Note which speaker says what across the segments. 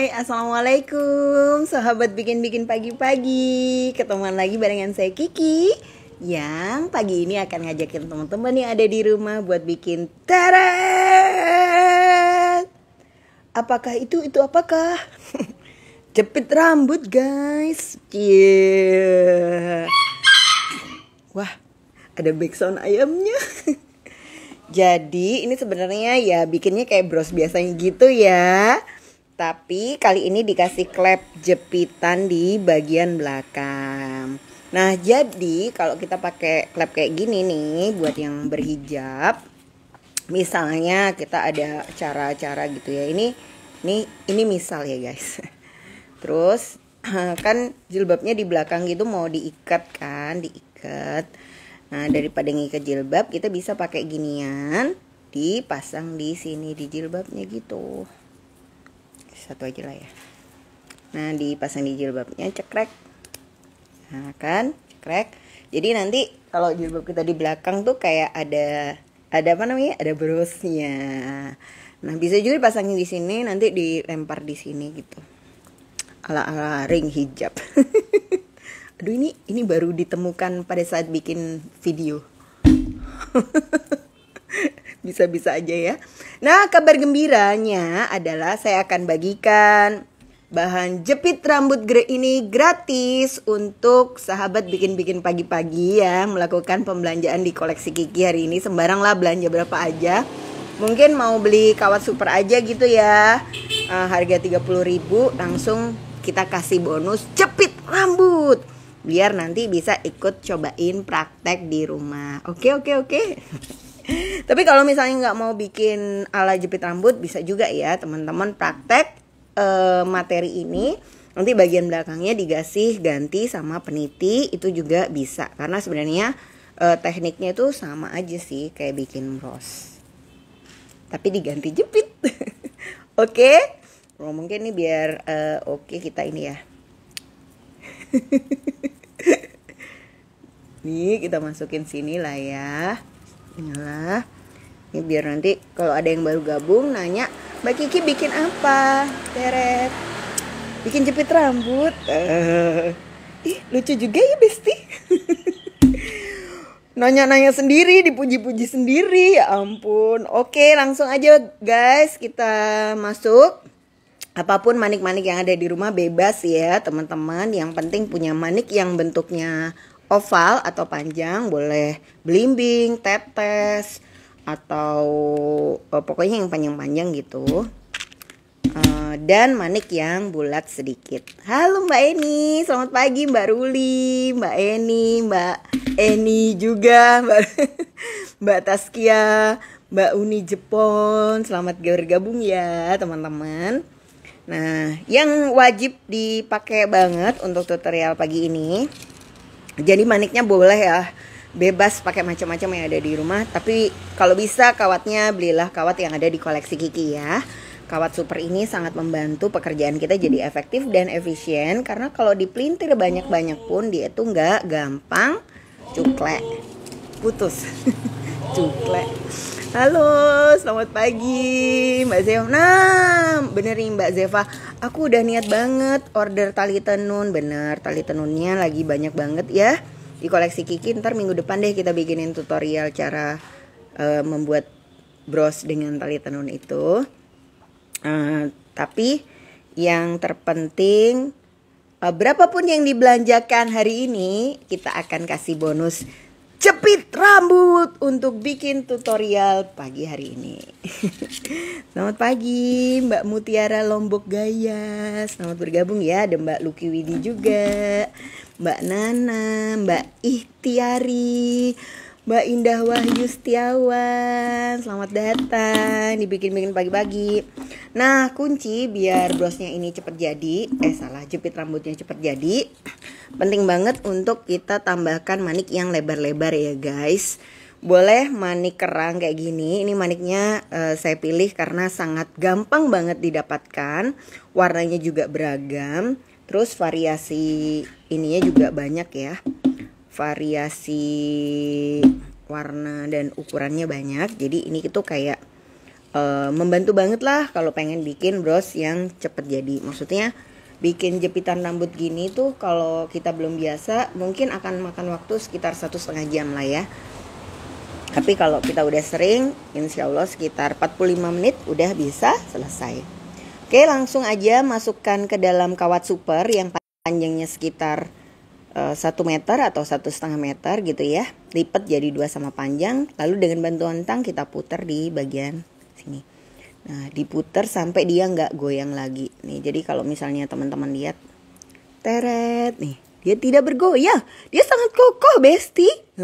Speaker 1: Hai assalamualaikum sahabat bikin-bikin pagi-pagi Ketemuan lagi barengan saya Kiki Yang pagi ini akan ngajakin teman-teman yang ada di rumah buat bikin teret Apakah itu, itu apakah? Jepit rambut guys yeah. Wah ada backsound ayamnya Jadi ini sebenarnya ya bikinnya kayak bros biasanya gitu ya tapi kali ini dikasih klep jepitan di bagian belakang. Nah, jadi kalau kita pakai klep kayak gini nih buat yang berhijab, misalnya kita ada cara-cara gitu ya. Ini ini ini misal ya, guys. Terus kan jilbabnya di belakang gitu mau diikat kan, diikat. Nah, daripada ngikat jilbab, kita bisa pakai ginian, dipasang di sini di jilbabnya gitu satu aja lah ya nah dipasang di jilbabnya cekrek nah kan cekrek jadi nanti kalau jilbab kita di belakang tuh kayak ada ada apa namanya ada brosnya nah bisa juga dipasangin di sini nanti dilempar di sini gitu ala ala ring hijab aduh ini ini baru ditemukan pada saat bikin video bisa-bisa aja ya. Nah, kabar gembiranya adalah saya akan bagikan bahan jepit rambut grey ini gratis untuk sahabat bikin-bikin pagi-pagi ya melakukan pembelanjaan di koleksi Kiki hari ini sembarang lah belanja berapa aja mungkin mau beli kawat super aja gitu ya uh, harga 30.000 langsung kita kasih bonus jepit rambut biar nanti bisa ikut cobain praktek di rumah oke okay, oke okay, oke okay. Tapi kalau misalnya nggak mau bikin ala jepit rambut bisa juga ya teman-teman praktek uh, materi ini nanti bagian belakangnya digasih ganti sama peniti itu juga bisa karena sebenarnya uh, tekniknya itu sama aja sih kayak bikin bros tapi diganti jepit oke okay? Oh, mungkin ini biar uh, oke okay kita ini ya nih kita masukin sini lah ya inilah ini biar nanti kalau ada yang baru gabung nanya Mbak Kiki bikin apa Teret bikin jepit rambut uh, ih lucu juga ya Besti nanya-nanya sendiri dipuji-puji sendiri ya ampun oke langsung aja guys kita masuk apapun manik-manik yang ada di rumah bebas ya teman-teman yang penting punya manik yang bentuknya oval atau panjang boleh belimbing tetes atau e, pokoknya yang panjang-panjang gitu Uh, dan manik yang bulat sedikit. Halo Mbak Eni, selamat pagi Mbak Ruli, Mbak Eni, Mbak Eni juga, Mbak, Mbak Taskia, Mbak Uni Jepon. Selamat bergabung ya teman-teman. Nah, yang wajib dipakai banget untuk tutorial pagi ini jadi maniknya boleh ya bebas pakai macam-macam yang ada di rumah tapi kalau bisa kawatnya belilah kawat yang ada di koleksi Kiki ya kawat super ini sangat membantu pekerjaan kita jadi efektif dan efisien karena kalau dipelintir banyak-banyak pun dia itu nggak gampang cuklek putus cuklek Halo, selamat pagi Mbak Zeva. Nah, bener nih Mbak Zeva, aku udah niat banget order tali tenun. Bener, tali tenunnya lagi banyak banget ya. Di koleksi Kiki ntar minggu depan deh kita bikinin tutorial cara uh, membuat bros dengan tali tenun itu. Uh, tapi yang terpenting uh, berapapun yang dibelanjakan hari ini kita akan kasih bonus jepit rambut untuk bikin tutorial pagi hari ini. Selamat pagi Mbak Mutiara Lombok Gaya. Selamat bergabung ya ada Mbak Luki Widi juga, Mbak Nana, Mbak Ihtiari, Mbak Indah Wahyu Setiawan. Selamat datang. Dibikin-bikin pagi-pagi. Nah, kunci biar brosnya ini cepat jadi, eh salah, jepit rambutnya cepat jadi. Penting banget untuk kita tambahkan manik yang lebar-lebar ya, guys. Boleh manik kerang kayak gini. Ini maniknya uh, saya pilih karena sangat gampang banget didapatkan. Warnanya juga beragam. Terus variasi ininya juga banyak ya variasi warna dan ukurannya banyak jadi ini itu kayak uh, membantu banget lah kalau pengen bikin bros yang cepet jadi maksudnya bikin jepitan rambut gini tuh kalau kita belum biasa mungkin akan makan waktu sekitar satu setengah jam lah ya tapi kalau kita udah sering insya Allah sekitar 45 menit udah bisa selesai oke langsung aja masukkan ke dalam kawat super yang panjangnya sekitar Eh, satu meter atau satu setengah meter gitu ya lipat jadi dua sama panjang lalu dengan bantuan tang kita putar di bagian sini nah diputar sampai dia nggak goyang lagi nih jadi kalau misalnya teman-teman lihat teret nih dia tidak bergoyang dia sangat kokoh besti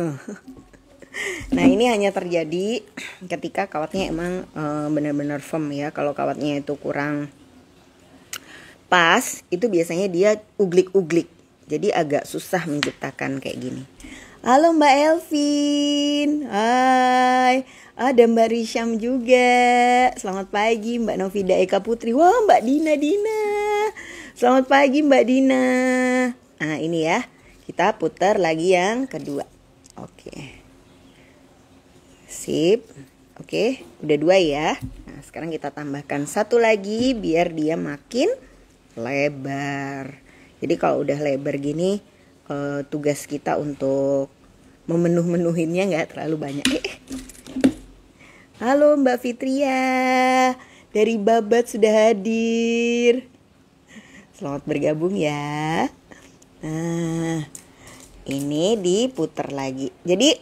Speaker 1: nah ini hanya terjadi ketika kawatnya emang benar eh, benar-benar firm ya kalau kawatnya itu kurang pas itu biasanya dia uglik-uglik jadi agak susah menciptakan kayak gini. Halo Mbak Elvin, hai. Ada Mbak Risham juga. Selamat pagi Mbak Novida Eka Putri. Wah Mbak Dina Dina. Selamat pagi Mbak Dina. Nah ini ya, kita putar lagi yang kedua. Oke. Sip. Oke, udah dua ya. Nah, sekarang kita tambahkan satu lagi biar dia makin lebar. Jadi kalau udah lebar gini uh, tugas kita untuk memenuh-menuhinnya nggak terlalu banyak. Halo Mbak Fitria dari Babat sudah hadir. Selamat bergabung ya. Nah, ini diputar lagi. Jadi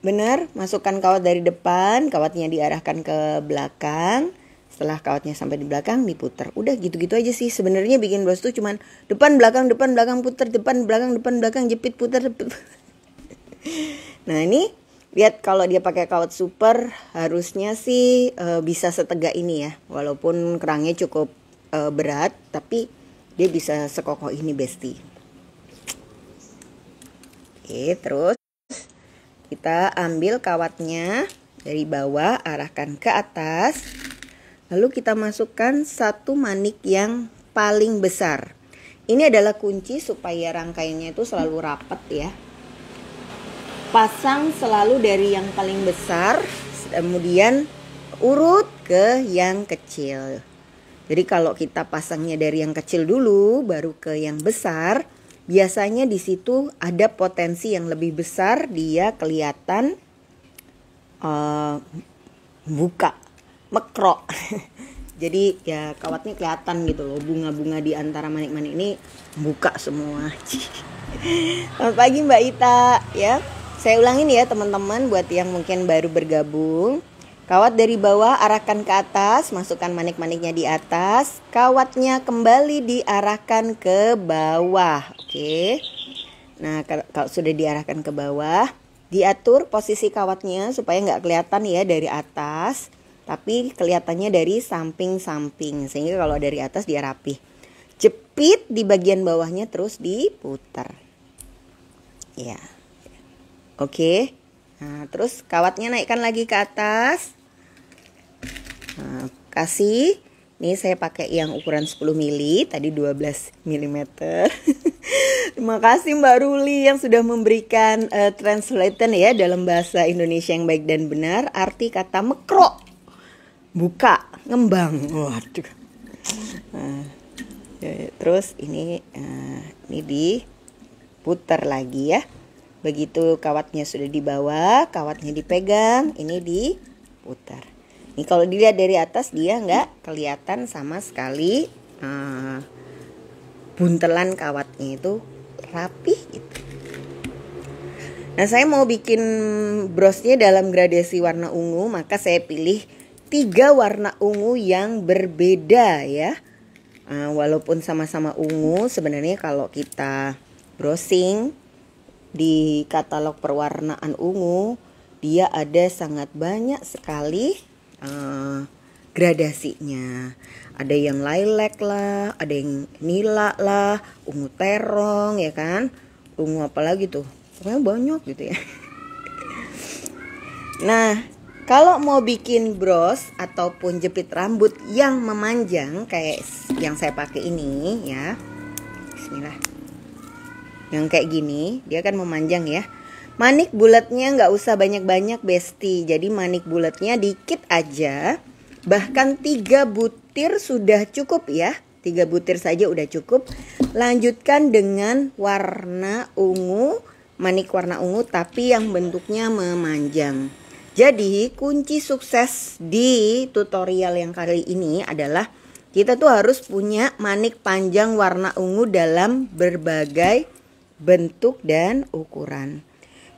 Speaker 1: benar masukkan kawat dari depan, kawatnya diarahkan ke belakang. Setelah kawatnya sampai di belakang diputar. Udah gitu-gitu aja sih. Sebenarnya bikin bos tuh cuman depan belakang depan belakang putar depan belakang depan belakang jepit putar. nah ini lihat kalau dia pakai kawat super harusnya sih e, bisa setegak ini ya. Walaupun kerangnya cukup e, berat tapi dia bisa sekokoh ini besti. Oke, terus kita ambil kawatnya dari bawah arahkan ke atas Lalu kita masukkan satu manik yang paling besar. Ini adalah kunci supaya rangkainya itu selalu rapat ya. Pasang selalu dari yang paling besar, kemudian urut ke yang kecil. Jadi kalau kita pasangnya dari yang kecil dulu baru ke yang besar, biasanya di situ ada potensi yang lebih besar dia kelihatan uh, buka mekro jadi ya kawatnya kelihatan gitu loh bunga-bunga di antara manik-manik ini buka semua selamat pagi mbak Ita ya saya ulangin ya teman-teman buat yang mungkin baru bergabung Kawat dari bawah arahkan ke atas, masukkan manik-maniknya di atas. Kawatnya kembali diarahkan ke bawah. Oke. Nah, kalau sudah diarahkan ke bawah, diatur posisi kawatnya supaya nggak kelihatan ya dari atas tapi kelihatannya dari samping-samping sehingga kalau dari atas dia rapi, jepit di bagian bawahnya terus diputar ya oke nah, terus kawatnya naikkan lagi ke atas nah, kasih ini saya pakai yang ukuran 10 mili tadi 12 mm terima kasih Mbak Ruli yang sudah memberikan uh, eh, translation ya dalam bahasa Indonesia yang baik dan benar arti kata mekro buka ngembang waduh uh, ya, ya. terus ini uh, ini putar lagi ya begitu kawatnya sudah dibawa kawatnya dipegang ini diputar ini kalau dilihat dari atas dia nggak kelihatan sama sekali uh, buntelan kawatnya itu rapi gitu nah saya mau bikin brosnya dalam gradasi warna ungu maka saya pilih tiga warna ungu yang berbeda ya. Uh, walaupun sama-sama ungu, sebenarnya kalau kita browsing di katalog perwarnaan ungu, dia ada sangat banyak sekali uh, gradasinya. Ada yang lilac lah, ada yang nila lah, ungu terong ya kan, ungu apa lagi tuh, pokoknya banyak gitu ya. Nah, kalau mau bikin bros ataupun jepit rambut yang memanjang kayak yang saya pakai ini ya. Bismillah. Yang kayak gini, dia kan memanjang ya. Manik bulatnya nggak usah banyak-banyak besti. Jadi manik bulatnya dikit aja. Bahkan tiga butir sudah cukup ya. Tiga butir saja udah cukup. Lanjutkan dengan warna ungu, manik warna ungu tapi yang bentuknya memanjang. Jadi kunci sukses di tutorial yang kali ini adalah kita tuh harus punya manik panjang warna ungu dalam berbagai bentuk dan ukuran.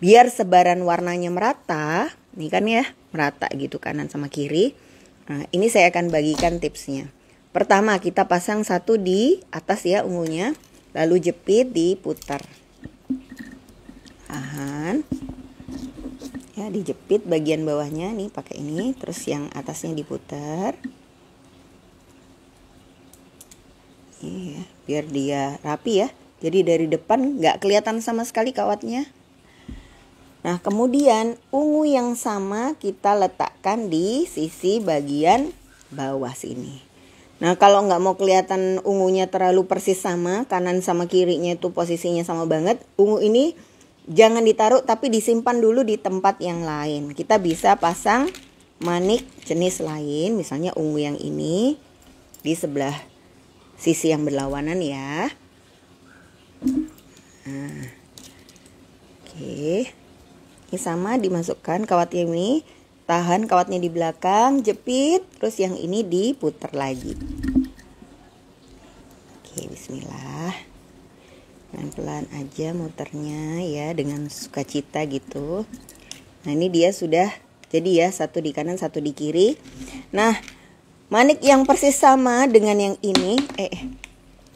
Speaker 1: Biar sebaran warnanya merata, ini kan ya merata gitu kanan sama kiri. Nah, ini saya akan bagikan tipsnya. Pertama kita pasang satu di atas ya ungunya, lalu jepit diputar. Tahan ya dijepit bagian bawahnya nih pakai ini terus yang atasnya diputar iya biar dia rapi ya jadi dari depan nggak kelihatan sama sekali kawatnya nah kemudian ungu yang sama kita letakkan di sisi bagian bawah sini nah kalau nggak mau kelihatan ungunya terlalu persis sama kanan sama kirinya itu posisinya sama banget ungu ini jangan ditaruh tapi disimpan dulu di tempat yang lain kita bisa pasang manik jenis lain misalnya ungu yang ini di sebelah sisi yang berlawanan ya nah, oke ini sama dimasukkan kawat ini tahan kawatnya di belakang jepit terus yang ini diputar lagi oke bismillah pelan-pelan aja muternya ya dengan sukacita gitu nah ini dia sudah jadi ya satu di kanan satu di kiri nah manik yang persis sama dengan yang ini eh, eh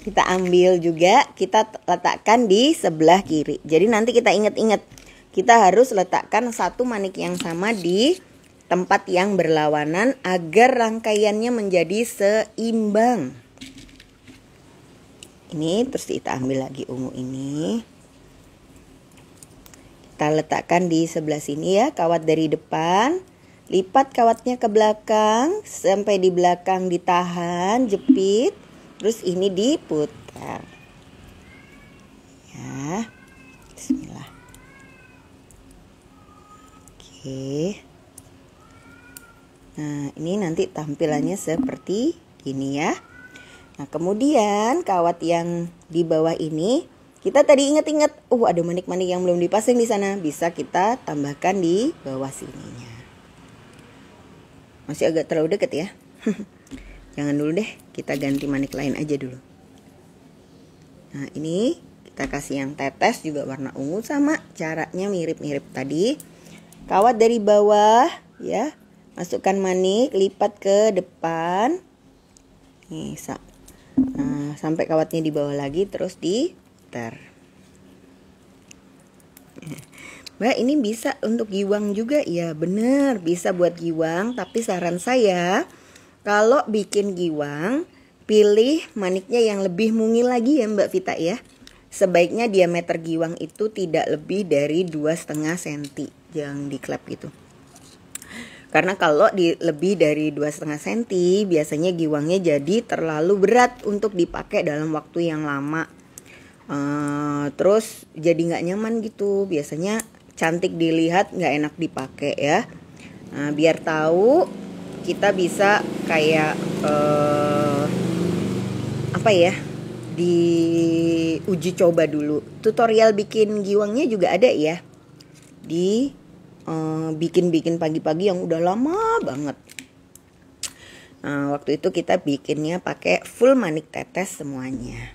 Speaker 1: kita ambil juga kita letakkan di sebelah kiri jadi nanti kita inget-inget kita harus letakkan satu manik yang sama di tempat yang berlawanan agar rangkaiannya menjadi seimbang ini terus kita ambil lagi ungu ini kita letakkan di sebelah sini ya kawat dari depan lipat kawatnya ke belakang sampai di belakang ditahan jepit terus ini diputar ya Bismillah oke nah ini nanti tampilannya seperti ini ya Nah, kemudian kawat yang di bawah ini kita tadi ingat-ingat, uh ada manik-manik yang belum dipasang di sana, bisa kita tambahkan di bawah sininya. Masih agak terlalu deket ya. Jangan dulu deh, kita ganti manik lain aja dulu. Nah, ini kita kasih yang tetes juga warna ungu sama caranya mirip-mirip tadi. Kawat dari bawah ya, masukkan manik, lipat ke depan. Nih, nah, sampai kawatnya di bawah lagi terus di ter ya. Mbak ini bisa untuk giwang juga ya bener bisa buat giwang tapi saran saya kalau bikin giwang pilih maniknya yang lebih mungil lagi ya Mbak Vita ya sebaiknya diameter giwang itu tidak lebih dari dua setengah senti jangan diklep gitu karena kalau di lebih dari dua setengah senti biasanya giwangnya jadi terlalu berat untuk dipakai dalam waktu yang lama. Uh, terus jadi nggak nyaman gitu. Biasanya cantik dilihat nggak enak dipakai ya. uh, biar tahu kita bisa kayak uh, apa ya? di uji coba dulu. Tutorial bikin giwangnya juga ada ya di Eh, bikin-bikin pagi-pagi yang udah lama banget. Nah, waktu itu kita bikinnya pakai full manik tetes semuanya.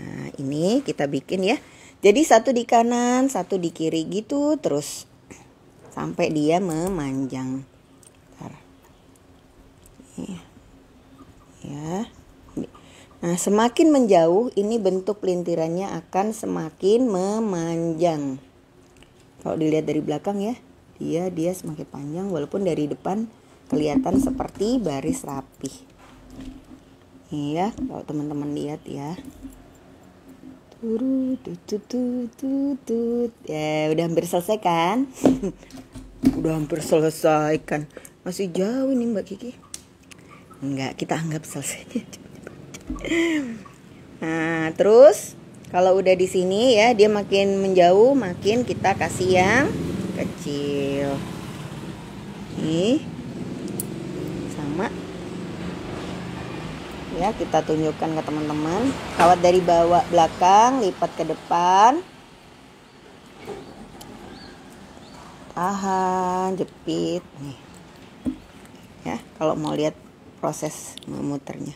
Speaker 1: Nah, ini kita bikin ya. Jadi satu di kanan, satu di kiri gitu terus sampai dia memanjang. Bentar. Ya. Nah, semakin menjauh ini bentuk pelintirannya akan semakin memanjang kalau dilihat dari belakang ya dia dia semakin panjang walaupun dari depan kelihatan seperti baris rapi. iya kalau teman-teman lihat ya turu tutut tutut ya udah hampir selesai kan udah hampir selesai kan masih jauh nih mbak Kiki enggak kita anggap selesai nah terus kalau udah di sini ya, dia makin menjauh, makin kita kasih yang kecil. Nih. Sama. Ya, kita tunjukkan ke teman-teman. Kawat dari bawah belakang lipat ke depan. Tahan, jepit nih. Ya, kalau mau lihat proses memutarnya.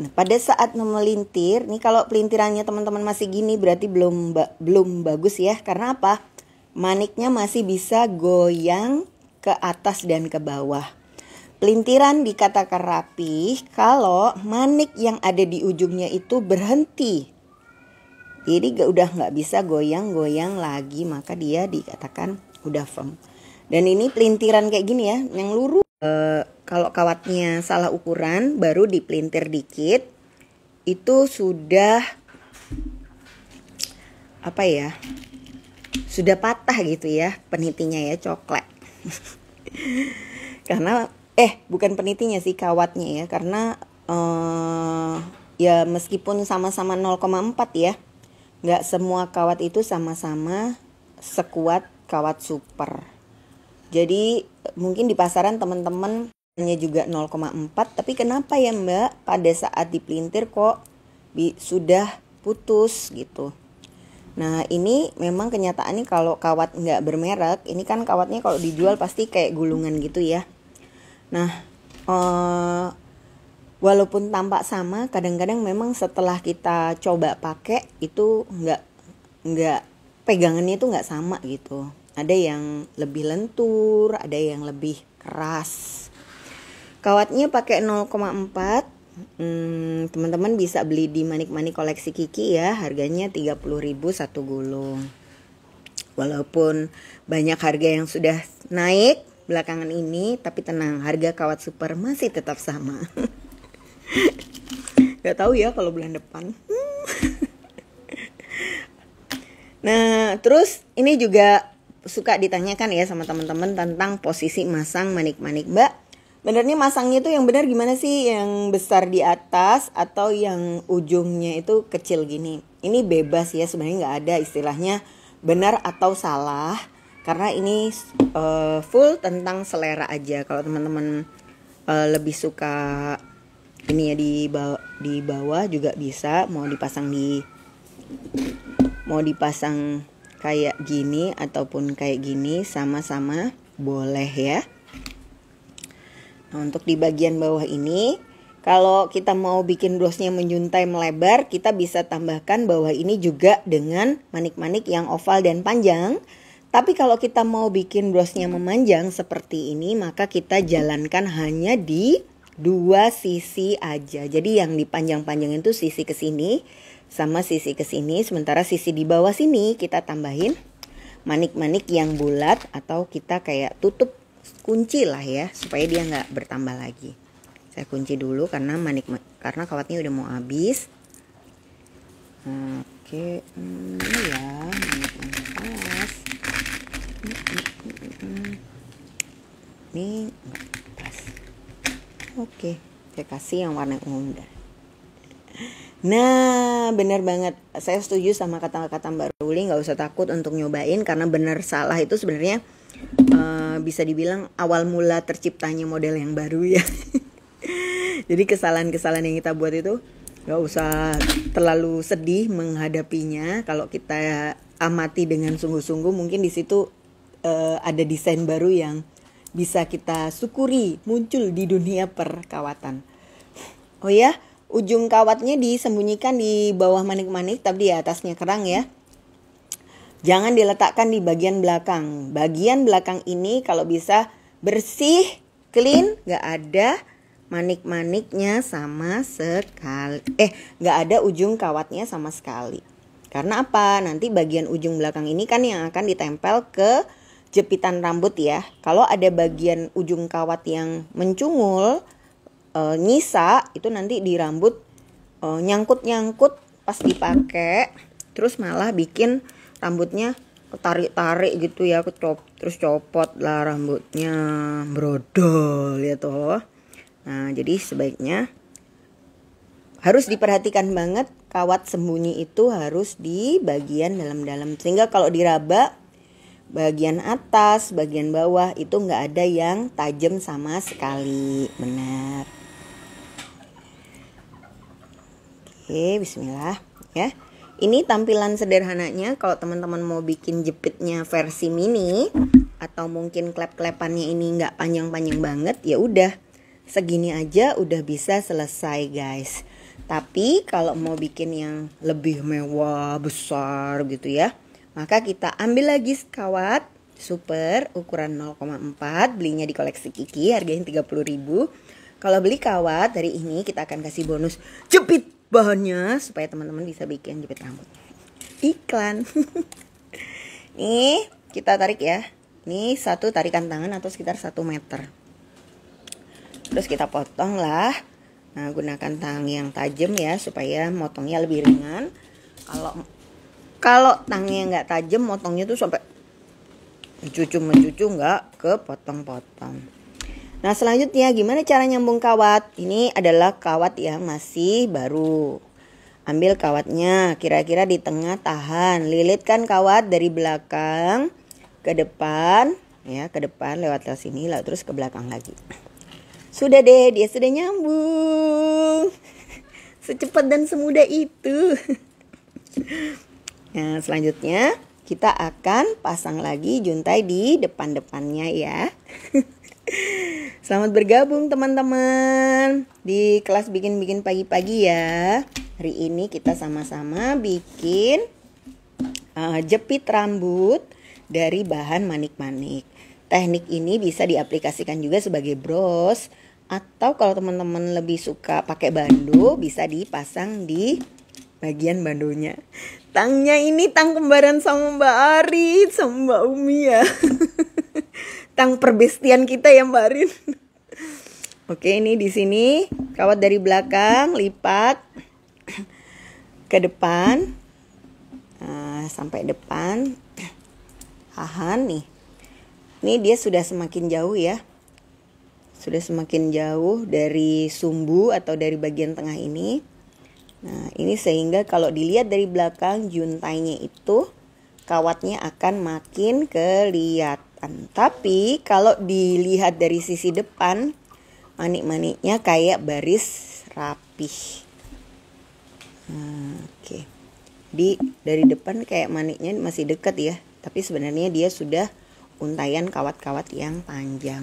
Speaker 1: Nah, pada saat memelintir, nih kalau pelintirannya teman-teman masih gini berarti belum ba belum bagus ya. Karena apa? Maniknya masih bisa goyang ke atas dan ke bawah. Pelintiran dikatakan rapih kalau manik yang ada di ujungnya itu berhenti. Jadi gak udah nggak bisa goyang-goyang lagi, maka dia dikatakan udah firm. Dan ini pelintiran kayak gini ya, yang lurus. Eh, kalau kawatnya salah ukuran baru dipelintir dikit itu sudah apa ya sudah patah gitu ya penitinya ya coklat karena eh bukan penitinya sih kawatnya ya karena eh, ya meskipun sama-sama 0,4 ya nggak semua kawat itu sama-sama sekuat kawat super jadi mungkin di pasaran teman-teman hanya juga 0,4 tapi kenapa ya Mbak pada saat dipelintir kok bi sudah putus gitu. Nah ini memang kenyataannya kalau kawat nggak bermerek ini kan kawatnya kalau dijual pasti kayak gulungan gitu ya. Nah eh, walaupun tampak sama kadang-kadang memang setelah kita coba pakai itu nggak nggak pegangannya itu nggak sama gitu ada yang lebih lentur, ada yang lebih keras. Kawatnya pakai 0,4 Hmm, teman-teman bisa beli di manik-manik koleksi Kiki ya, harganya 30.000 satu gulung. Walaupun banyak harga yang sudah naik belakangan ini, tapi tenang, harga kawat super masih tetap sama. Gak tahu ya kalau bulan depan. Hmm. nah, terus ini juga suka ditanyakan ya sama teman-teman tentang posisi masang manik-manik. Mbak, benernya masangnya itu yang benar gimana sih? Yang besar di atas atau yang ujungnya itu kecil gini? Ini bebas ya, sebenarnya nggak ada istilahnya benar atau salah. Karena ini uh, full tentang selera aja. Kalau teman-teman uh, lebih suka ini ya di bawah, di bawah juga bisa mau dipasang di mau dipasang kayak gini ataupun kayak gini sama-sama boleh ya. Nah, untuk di bagian bawah ini kalau kita mau bikin blosnya menjuntai melebar, kita bisa tambahkan bawah ini juga dengan manik-manik yang oval dan panjang. Tapi kalau kita mau bikin blosnya memanjang seperti ini, maka kita jalankan hanya di dua sisi aja. Jadi yang dipanjang-panjang itu sisi ke sini, sama sisi ke sini sementara sisi di bawah sini kita tambahin manik-manik yang bulat atau kita kayak tutup kunci lah ya supaya dia nggak bertambah lagi saya kunci dulu karena manik karena kawatnya udah mau habis oke ini ya ini pas oke saya kasih yang warna ungu nah bener banget. Saya setuju sama kata-kata Mbak Ruli, nggak usah takut untuk nyobain karena bener salah itu sebenarnya uh, bisa dibilang awal mula terciptanya model yang baru ya. Jadi kesalahan-kesalahan yang kita buat itu nggak usah terlalu sedih menghadapinya. Kalau kita amati dengan sungguh-sungguh, mungkin di situ uh, ada desain baru yang bisa kita syukuri muncul di dunia perkawatan. Oh ya. Ujung kawatnya disembunyikan di bawah manik-manik tapi di atasnya kerang ya. Jangan diletakkan di bagian belakang. Bagian belakang ini kalau bisa bersih, clean, nggak ada manik-maniknya sama sekali. Eh, nggak ada ujung kawatnya sama sekali. Karena apa? Nanti bagian ujung belakang ini kan yang akan ditempel ke jepitan rambut ya. Kalau ada bagian ujung kawat yang mencungul, e, nyisa itu nanti di rambut e, nyangkut-nyangkut pas dipakai terus malah bikin rambutnya tarik tarik gitu ya aku cop terus copot lah rambutnya brodol ya toh nah jadi sebaiknya harus diperhatikan banget kawat sembunyi itu harus di bagian dalam-dalam sehingga kalau diraba bagian atas bagian bawah itu nggak ada yang tajam sama sekali benar Oke, bismillah ya. Ini tampilan sederhananya kalau teman-teman mau bikin jepitnya versi mini atau mungkin klep-klepannya ini nggak panjang-panjang banget ya udah segini aja udah bisa selesai guys. Tapi kalau mau bikin yang lebih mewah, besar gitu ya, maka kita ambil lagi kawat super ukuran 0,4, belinya di koleksi Kiki harganya 30.000. Kalau beli kawat dari ini kita akan kasih bonus jepit bahannya supaya teman-teman bisa bikin jepit rambut iklan nih kita tarik ya ini satu tarikan tangan atau sekitar satu meter terus kita potong lah nah gunakan tang yang tajam ya supaya motongnya lebih ringan kalau kalau tangnya nggak tajam motongnya tuh sampai cucu mencucu nggak ke potong-potong Nah selanjutnya gimana cara nyambung kawat? Ini adalah kawat yang masih baru. Ambil kawatnya, kira-kira di tengah tahan. Lilitkan kawat dari belakang ke depan, ya ke depan lewat atas sini, lalu terus ke belakang lagi. Sudah deh, dia sudah nyambung. Secepat dan semudah itu. Nah selanjutnya kita akan pasang lagi juntai di depan-depannya ya. Selamat bergabung teman-teman di kelas bikin-bikin pagi-pagi ya. Hari ini kita sama-sama bikin uh, jepit rambut dari bahan manik-manik. Teknik ini bisa diaplikasikan juga sebagai bros atau kalau teman-teman lebih suka pakai bando bisa dipasang di bagian bandonya. Tangnya ini tang kembaran sama Mbak Ari, sama Mbak Umi ya. tentang perbestian kita ya Mbak Rin. Oke, ini di sini kawat dari belakang lipat ke depan nah, sampai depan. Tahan nih. Ini dia sudah semakin jauh ya. Sudah semakin jauh dari sumbu atau dari bagian tengah ini. Nah, ini sehingga kalau dilihat dari belakang juntainya itu kawatnya akan makin kelihatan depan. Tapi kalau dilihat dari sisi depan, manik-maniknya kayak baris rapih. Hmm, oke. Okay. dari depan kayak maniknya masih dekat ya, tapi sebenarnya dia sudah untayan kawat-kawat yang panjang.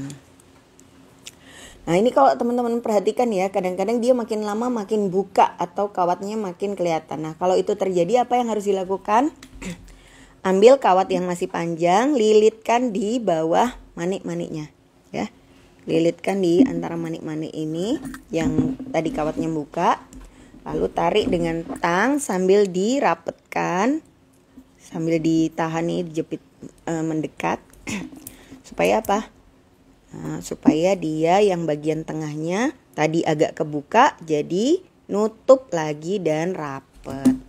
Speaker 1: Nah ini kalau teman-teman perhatikan ya, kadang-kadang dia makin lama makin buka atau kawatnya makin kelihatan. Nah kalau itu terjadi apa yang harus dilakukan? Ambil kawat yang masih panjang, lilitkan di bawah manik-maniknya, ya. Lilitkan di antara manik-manik ini yang tadi kawatnya buka. Lalu tarik dengan tang sambil dirapetkan sambil ditahan jepit e, mendekat supaya apa? Nah, supaya dia yang bagian tengahnya tadi agak kebuka jadi nutup lagi dan rapet.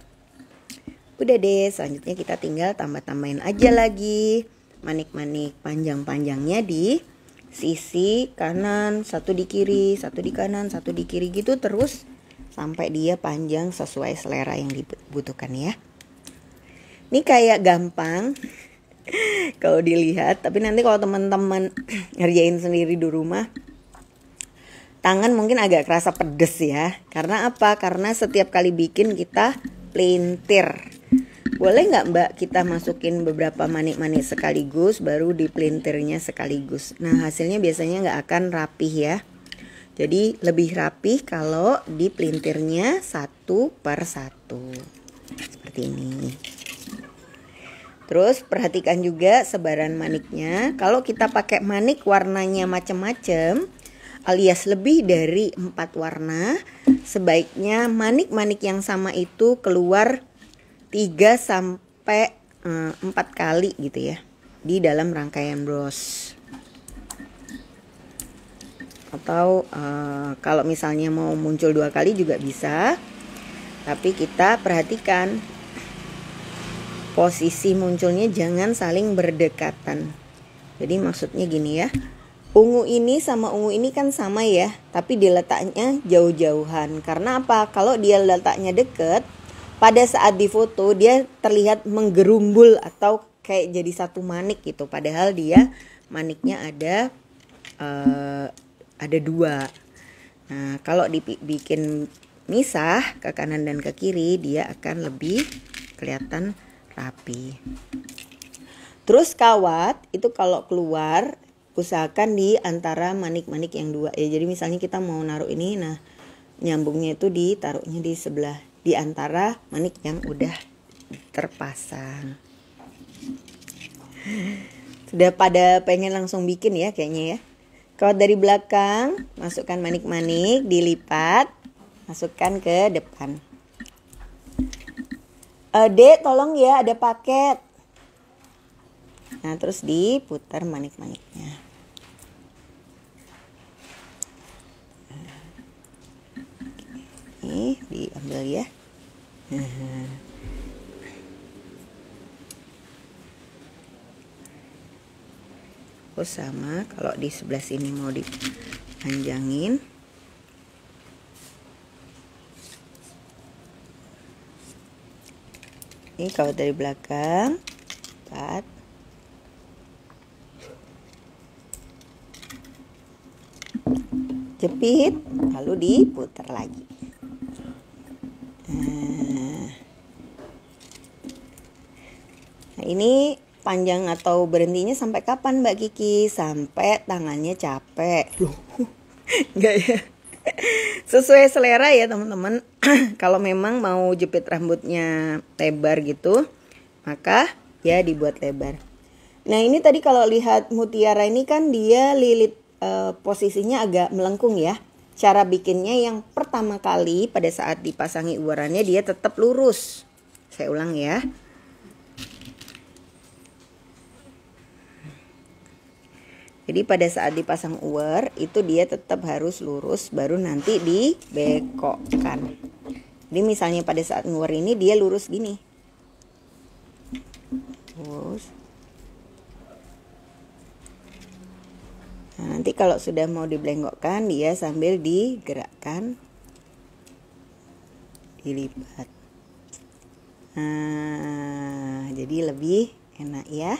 Speaker 1: Udah deh, selanjutnya kita tinggal tambah-tambahin aja lagi manik-manik panjang-panjangnya di sisi kanan, satu di kiri, satu di kanan, satu di kiri gitu terus sampai dia panjang sesuai selera yang dibutuhkan ya. Ini kayak gampang kalau dilihat, tapi nanti kalau teman-teman ngerjain sendiri di rumah tangan mungkin agak kerasa pedes ya. Karena apa? Karena setiap kali bikin kita pelintir boleh nggak Mbak kita masukin beberapa manik-manik sekaligus baru dipelintirnya sekaligus. Nah, hasilnya biasanya nggak akan rapih ya. Jadi lebih rapih kalau dipelintirnya satu per satu. Seperti ini. Terus perhatikan juga sebaran maniknya. Kalau kita pakai manik warnanya macam-macam, alias lebih dari empat warna, sebaiknya manik-manik yang sama itu keluar 3 sampai eh, empat 4 kali gitu ya di dalam rangkaian bros atau uh, kalau misalnya mau muncul dua kali juga bisa tapi kita perhatikan posisi munculnya jangan saling berdekatan jadi maksudnya gini ya ungu ini sama ungu ini kan sama ya tapi diletaknya jauh-jauhan karena apa kalau dia letaknya deket pada saat difoto dia terlihat menggerumbul atau kayak jadi satu manik gitu padahal dia maniknya ada uh, ada dua nah kalau dibikin misah ke kanan dan ke kiri dia akan lebih kelihatan rapi terus kawat itu kalau keluar usahakan di antara manik-manik yang dua ya jadi misalnya kita mau naruh ini nah nyambungnya itu ditaruhnya di sebelah di antara manik yang udah terpasang. Sudah pada pengen langsung bikin ya kayaknya ya. Kalau dari belakang, masukkan manik-manik, dilipat, masukkan ke depan. Ade eh, tolong ya ada paket. Nah, terus diputar manik-maniknya. Ini diambil ya. Mhm. Oh sama kalau di sebelah sini mau dipanjangin ini kalau dari belakang empat jepit lalu diputar lagi Nah, ini panjang atau berhentinya sampai kapan Mbak Kiki? Sampai tangannya capek. enggak ya? Sesuai selera ya teman-teman. Kalau memang mau jepit rambutnya lebar gitu, maka ya dibuat lebar. Nah ini tadi kalau lihat mutiara ini kan dia lilit e, posisinya agak melengkung ya. Cara bikinnya yang pertama kali pada saat dipasangi uarannya dia tetap lurus. Saya ulang ya. Jadi pada saat dipasang uwer itu dia tetap harus lurus baru nanti dibekokkan. Jadi misalnya pada saat uar ini dia lurus gini. Lurus. Nah, nanti kalau sudah mau dibelenggokkan dia sambil digerakkan dilipat. Nah, jadi lebih enak ya.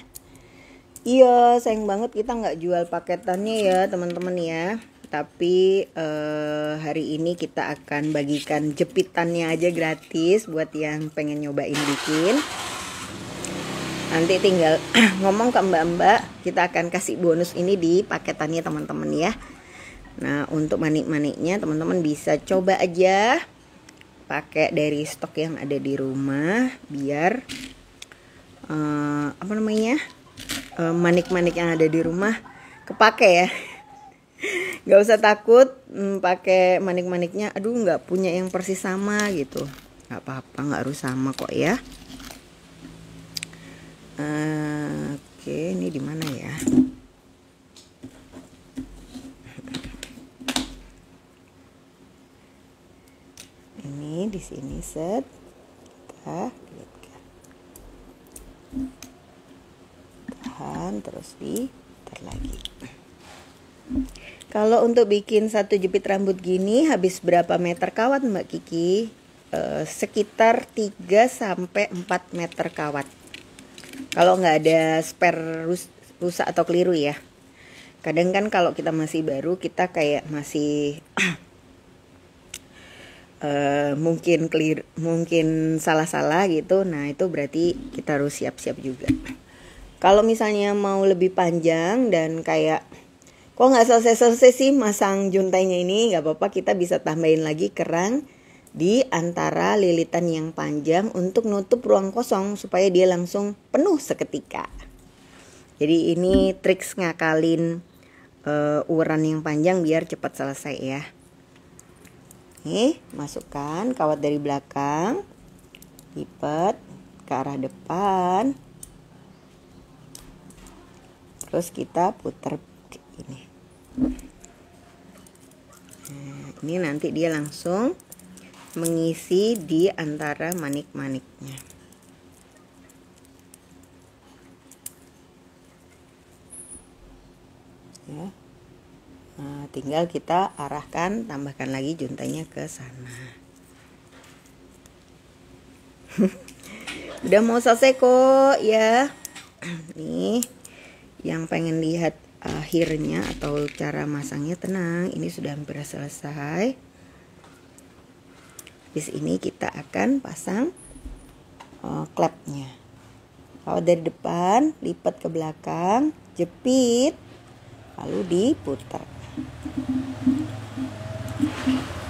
Speaker 1: Iya, sayang banget kita nggak jual paketannya ya, teman-teman ya. Tapi eh, hari ini kita akan bagikan jepitannya aja gratis buat yang pengen nyobain bikin nanti tinggal ngomong ke mbak-mbak kita akan kasih bonus ini di paketannya teman-teman ya nah untuk manik-maniknya teman-teman bisa coba aja pakai dari stok yang ada di rumah biar uh, apa namanya manik eh, manik-manik yang ada di rumah kepake ya nggak usah takut hmm, pakai manik-maniknya aduh nggak punya yang persis sama gitu nggak apa-apa nggak harus sama kok ya oke ini di mana ya ini di sini set kita lihatkan ya. tahan terus di lagi kalau untuk bikin satu jepit rambut gini habis berapa meter kawat Mbak Kiki? Eh, sekitar 3 sampai 4 meter kawat kalau nggak ada spare rus rusak atau keliru ya kadang kan kalau kita masih baru kita kayak masih Uh, mungkin clear, mungkin salah-salah gitu. Nah, itu berarti kita harus siap-siap juga. Kalau misalnya mau lebih panjang dan kayak kok nggak selesai-selesai sih masang juntainya ini, nggak apa-apa kita bisa tambahin lagi kerang di antara lilitan yang panjang untuk nutup ruang kosong supaya dia langsung penuh seketika. Jadi ini triks ngakalin uh, uran yang panjang biar cepat selesai ya. Nih, masukkan kawat dari belakang. Lipat ke arah depan. Terus kita putar ini. Nah, ini nanti dia langsung mengisi di antara manik-maniknya. Ya. Nah, tinggal kita arahkan, tambahkan lagi juntanya ke sana. Udah mau selesai kok ya. Nih, yang pengen lihat akhirnya atau cara masangnya tenang, ini sudah hampir selesai habis ini kita akan pasang uh, klepnya kalau dari depan lipat ke belakang jepit lalu diputar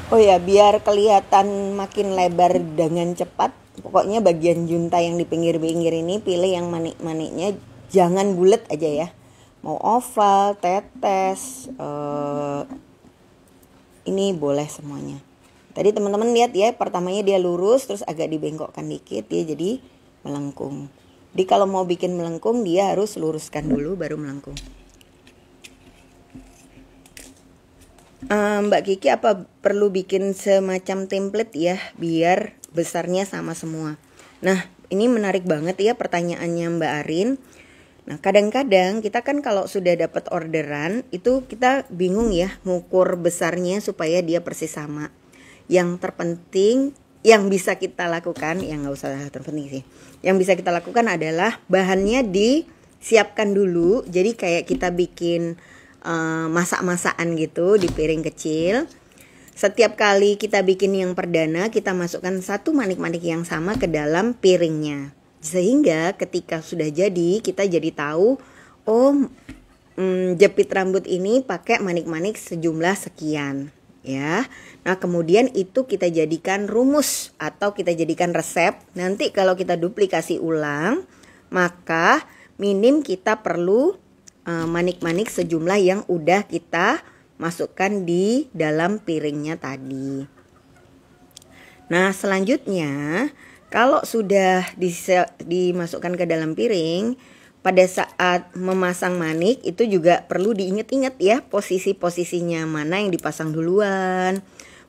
Speaker 1: oh ya biar kelihatan makin lebar dengan cepat pokoknya bagian junta yang di pinggir-pinggir ini pilih yang manik-maniknya jangan bulat aja ya mau oval tetes uh, ini boleh semuanya Tadi teman-teman lihat ya, pertamanya dia lurus terus agak dibengkokkan dikit dia jadi melengkung. Jadi kalau mau bikin melengkung dia harus luruskan dulu baru melengkung. Um, Mbak Kiki apa perlu bikin semacam template ya biar besarnya sama semua. Nah ini menarik banget ya pertanyaannya Mbak Arin. Nah, kadang-kadang kita kan kalau sudah dapat orderan itu kita bingung ya ngukur besarnya supaya dia persis sama yang terpenting yang bisa kita lakukan yang nggak usah terpenting sih yang bisa kita lakukan adalah bahannya disiapkan dulu jadi kayak kita bikin uh, masak-masakan gitu di piring kecil setiap kali kita bikin yang perdana kita masukkan satu manik-manik yang sama ke dalam piringnya sehingga ketika sudah jadi kita jadi tahu oh mm, jepit rambut ini pakai manik-manik sejumlah sekian ya. Nah, kemudian itu kita jadikan rumus atau kita jadikan resep. Nanti kalau kita duplikasi ulang, maka minim kita perlu eh, manik-manik sejumlah yang udah kita masukkan di dalam piringnya tadi. Nah, selanjutnya kalau sudah dimasukkan ke dalam piring, pada saat memasang manik itu juga perlu diingat-ingat ya posisi-posisinya mana yang dipasang duluan,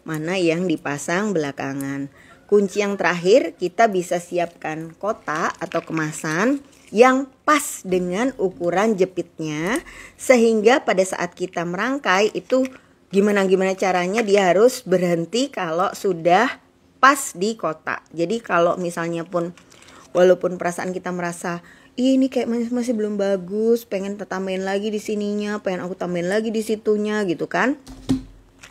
Speaker 1: mana yang dipasang belakangan. Kunci yang terakhir kita bisa siapkan kotak atau kemasan yang pas dengan ukuran jepitnya sehingga pada saat kita merangkai itu gimana gimana caranya dia harus berhenti kalau sudah pas di kotak. Jadi kalau misalnya pun walaupun perasaan kita merasa Ih, ini kayak masih belum bagus, pengen tambahin lagi di sininya, pengen aku tambahin lagi di situnya gitu kan.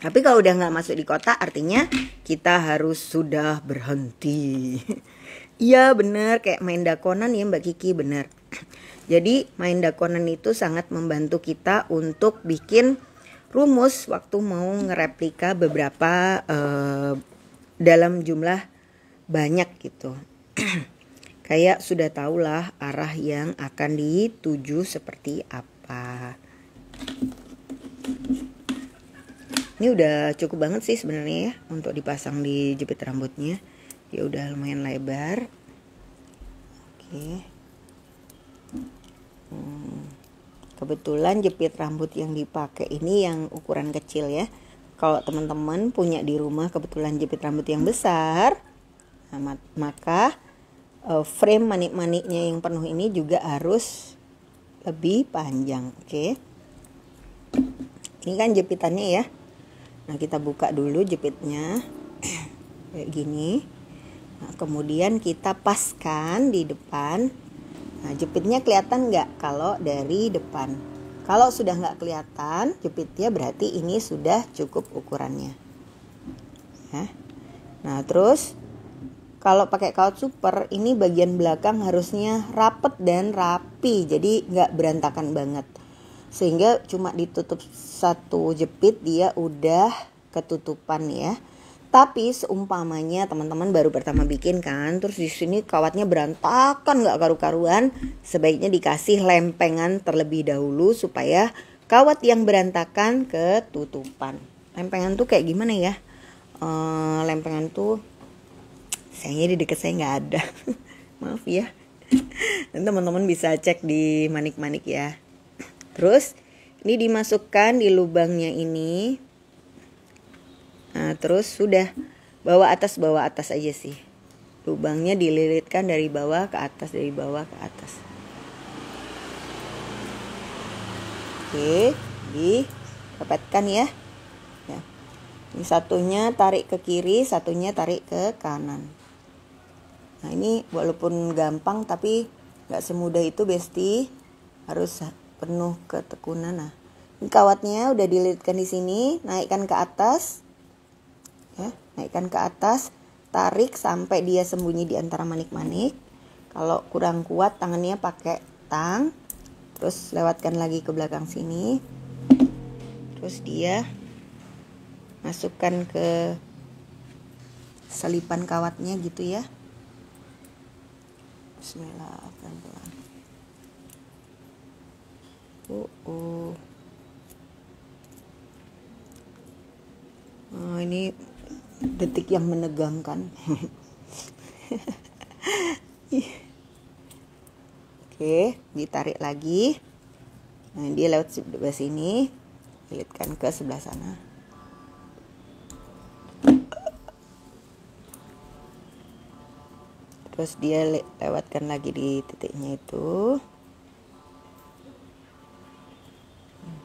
Speaker 1: Tapi kalau udah nggak masuk di kota, artinya kita harus sudah berhenti. Iya bener, kayak main dakonan ya Mbak Kiki, bener. Jadi main dakonan itu sangat membantu kita untuk bikin rumus waktu mau ngereplika beberapa uh, dalam jumlah banyak gitu. kayak sudah tahulah arah yang akan dituju seperti apa. Ini udah cukup banget sih sebenarnya ya untuk dipasang di jepit rambutnya. Ya udah lumayan lebar. Oke. Hmm. Kebetulan jepit rambut yang dipakai ini yang ukuran kecil ya. Kalau teman-teman punya di rumah kebetulan jepit rambut yang besar, nah, maka uh, frame manik-maniknya yang penuh ini juga harus lebih panjang oke okay? ini kan jepitannya ya nah kita buka dulu jepitnya kayak gini nah, kemudian kita paskan di depan nah jepitnya kelihatan nggak kalau dari depan kalau sudah nggak kelihatan jepitnya berarti ini sudah cukup ukurannya ya. nah terus kalau pakai kawat super ini bagian belakang harusnya rapet dan rapi jadi nggak berantakan banget sehingga cuma ditutup satu jepit dia udah ketutupan ya tapi seumpamanya teman-teman baru pertama bikin kan terus di sini kawatnya berantakan nggak karu-karuan sebaiknya dikasih lempengan terlebih dahulu supaya kawat yang berantakan ketutupan lempengan tuh kayak gimana ya e, lempengan tuh sayangnya di dekat saya nggak ada maaf ya dan teman-teman bisa cek di manik-manik ya terus ini dimasukkan di lubangnya ini nah, terus sudah bawa atas bawa atas aja sih lubangnya dililitkan dari bawah ke atas dari bawah ke atas oke di, ya ya ini satunya tarik ke kiri, satunya tarik ke kanan. Nah ini walaupun gampang tapi nggak semudah itu besti harus penuh ketekunan. Nah ini kawatnya udah dililitkan di sini, naikkan ke atas, ya naikkan ke atas, tarik sampai dia sembunyi di antara manik-manik. Kalau kurang kuat tangannya pakai tang, terus lewatkan lagi ke belakang sini, terus dia masukkan ke selipan kawatnya gitu ya. Bismillah pelan-pelan uh oh, oh. Oh, ini detik yang menegangkan oke ditarik lagi nah dia lewat sebelah sini lihatkan ke sebelah sana terus dia le lewatkan lagi di titiknya itu hmm.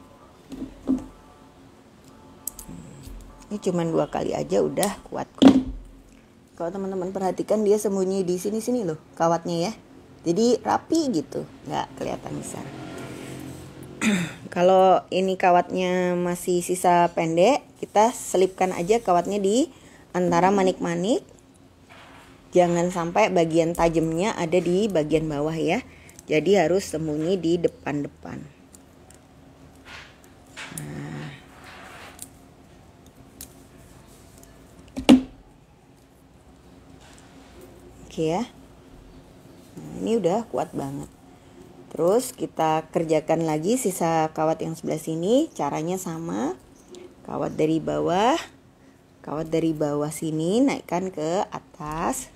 Speaker 1: ini cuma dua kali aja udah kuat kok kalau teman-teman perhatikan dia sembunyi di sini-sini loh kawatnya ya jadi rapi gitu nggak kelihatan besar kalau ini kawatnya masih sisa pendek kita selipkan aja kawatnya di antara manik-manik Jangan sampai bagian tajamnya ada di bagian bawah ya. Jadi harus sembunyi di depan-depan. Nah. Oke ya. Nah, ini udah kuat banget. Terus kita kerjakan lagi sisa kawat yang sebelah sini, caranya sama. Kawat dari bawah, kawat dari bawah sini naikkan ke atas.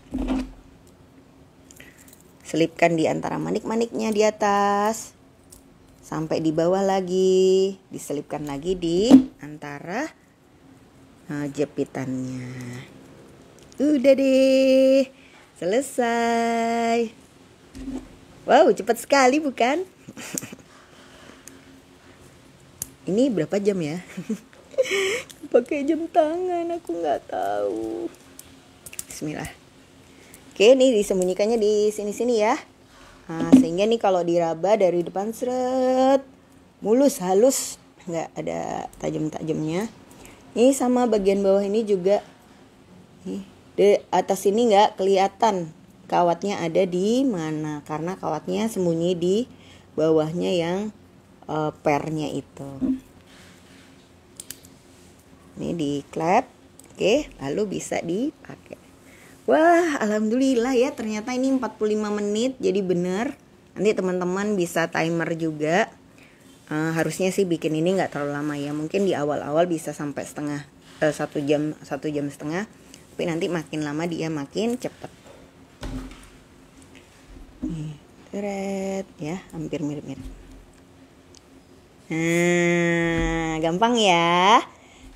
Speaker 1: Selipkan di antara manik-maniknya di atas sampai di bawah lagi, diselipkan lagi di antara eh, jepitannya. Udah deh, selesai. Wow, cepat sekali bukan? Ini berapa jam ya? Pakai jam tangan, aku nggak tahu. Bismillah. Oke, ini disembunyikannya di sini-sini ya. Nah, sehingga nih kalau diraba dari depan seret mulus halus nggak ada tajam-tajamnya. Ini sama bagian bawah ini juga. Nih, di atas ini nggak kelihatan kawatnya ada di mana karena kawatnya sembunyi di bawahnya yang e, pernya itu. Ini di clap. Oke, lalu bisa dipakai. Wah, alhamdulillah ya ternyata ini 45 menit jadi bener. Nanti teman-teman bisa timer juga. Uh, harusnya sih bikin ini nggak terlalu lama ya. Mungkin di awal-awal bisa sampai setengah uh, satu jam satu jam setengah. Tapi nanti makin lama dia makin cepet. Red ya, hampir mirip-mirip. Nah, gampang ya.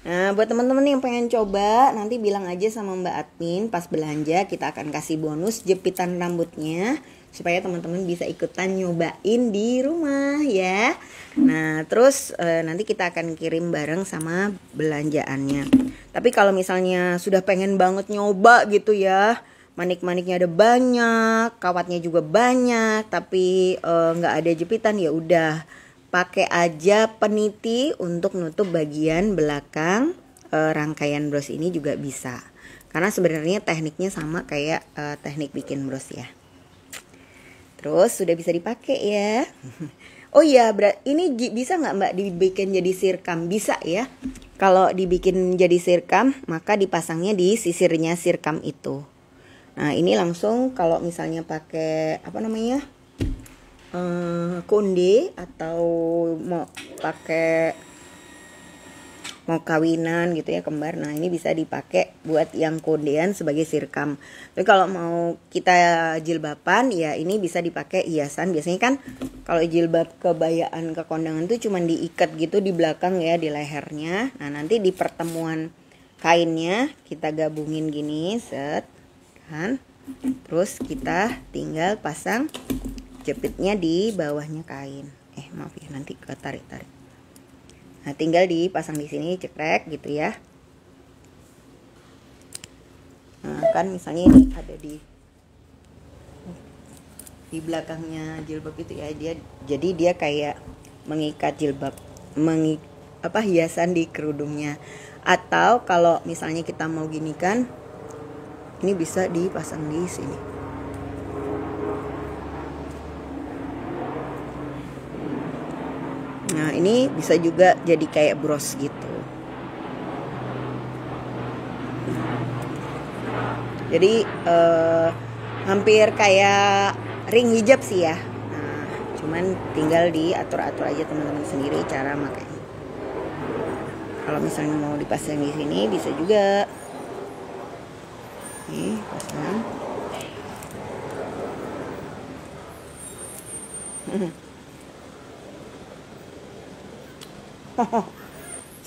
Speaker 1: Nah, buat teman-teman yang pengen coba, nanti bilang aja sama Mbak Admin pas belanja kita akan kasih bonus jepitan rambutnya supaya teman-teman bisa ikutan nyobain di rumah ya. Nah, terus e, nanti kita akan kirim bareng sama belanjaannya. Tapi kalau misalnya sudah pengen banget nyoba gitu ya, manik-maniknya ada banyak, kawatnya juga banyak, tapi eh, nggak e, ada jepitan ya udah pakai aja peniti untuk nutup bagian belakang e, rangkaian bros ini juga bisa karena sebenarnya tekniknya sama kayak e, teknik bikin bros ya terus sudah bisa dipakai ya oh iya ini bisa nggak mbak dibikin jadi sirkam bisa ya kalau dibikin jadi sirkam maka dipasangnya di sisirnya sirkam itu nah ini langsung kalau misalnya pakai apa namanya uh, konde atau mau pakai mau kawinan gitu ya kembar nah ini bisa dipakai buat yang kondean sebagai sirkam tapi kalau mau kita jilbaban ya ini bisa dipakai hiasan biasanya kan kalau jilbab kebayaan ke kondangan itu cuman diikat gitu di belakang ya di lehernya nah nanti di pertemuan kainnya kita gabungin gini set kan terus kita tinggal pasang jepitnya di bawahnya kain eh maaf ya nanti ke tarik tarik nah tinggal dipasang di sini cekrek gitu ya nah kan misalnya ini ada di di belakangnya jilbab itu ya dia jadi dia kayak mengikat jilbab mengik, apa hiasan di kerudungnya atau kalau misalnya kita mau gini kan ini bisa dipasang di sini Nah, ini bisa juga jadi kayak bros gitu. Jadi eh, hampir kayak ring hijab sih ya. Nah, cuman tinggal diatur-atur aja teman-teman sendiri cara makanya Kalau misalnya mau dipasang di sini bisa juga. Nih, pasang.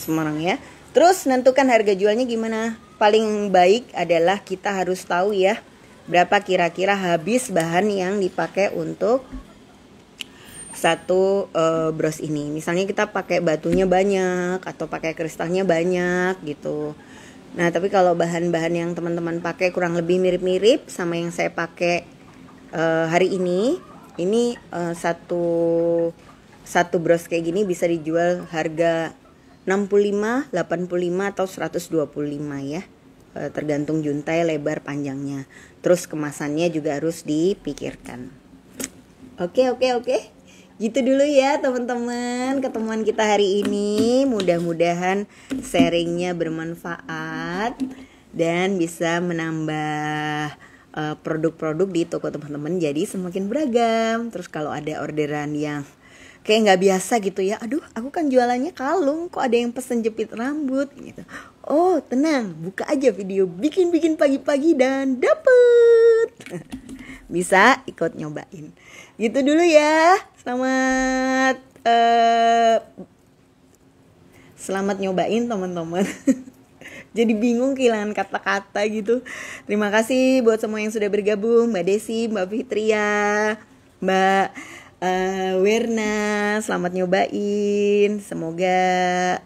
Speaker 1: Semarang ya. Terus menentukan harga jualnya gimana? Paling baik adalah kita harus tahu ya berapa kira-kira habis bahan yang dipakai untuk satu uh, bros ini. Misalnya kita pakai batunya banyak atau pakai kristalnya banyak gitu. Nah, tapi kalau bahan-bahan yang teman-teman pakai kurang lebih mirip-mirip sama yang saya pakai uh, hari ini, ini uh, satu satu bros kayak gini bisa dijual harga 65, 85 atau 125 ya. E, tergantung juntai lebar panjangnya. Terus kemasannya juga harus dipikirkan. Oke, oke, oke. Gitu dulu ya teman-teman ketemuan kita hari ini Mudah-mudahan sharingnya bermanfaat Dan bisa menambah e, produk-produk uh, di toko teman-teman jadi semakin beragam Terus kalau ada orderan yang kayak nggak biasa gitu ya aduh aku kan jualannya kalung kok ada yang pesen jepit rambut gitu oh tenang buka aja video bikin bikin pagi-pagi dan dapet bisa ikut nyobain gitu dulu ya selamat uh, selamat nyobain teman-teman jadi bingung kehilangan kata-kata gitu. Terima kasih buat semua yang sudah bergabung, Mbak Desi, Mbak Fitria, Mbak uh, eh, Werna, selamat nyobain. Semoga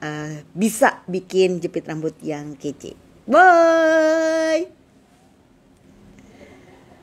Speaker 1: uh, bisa bikin jepit rambut yang kece. Bye.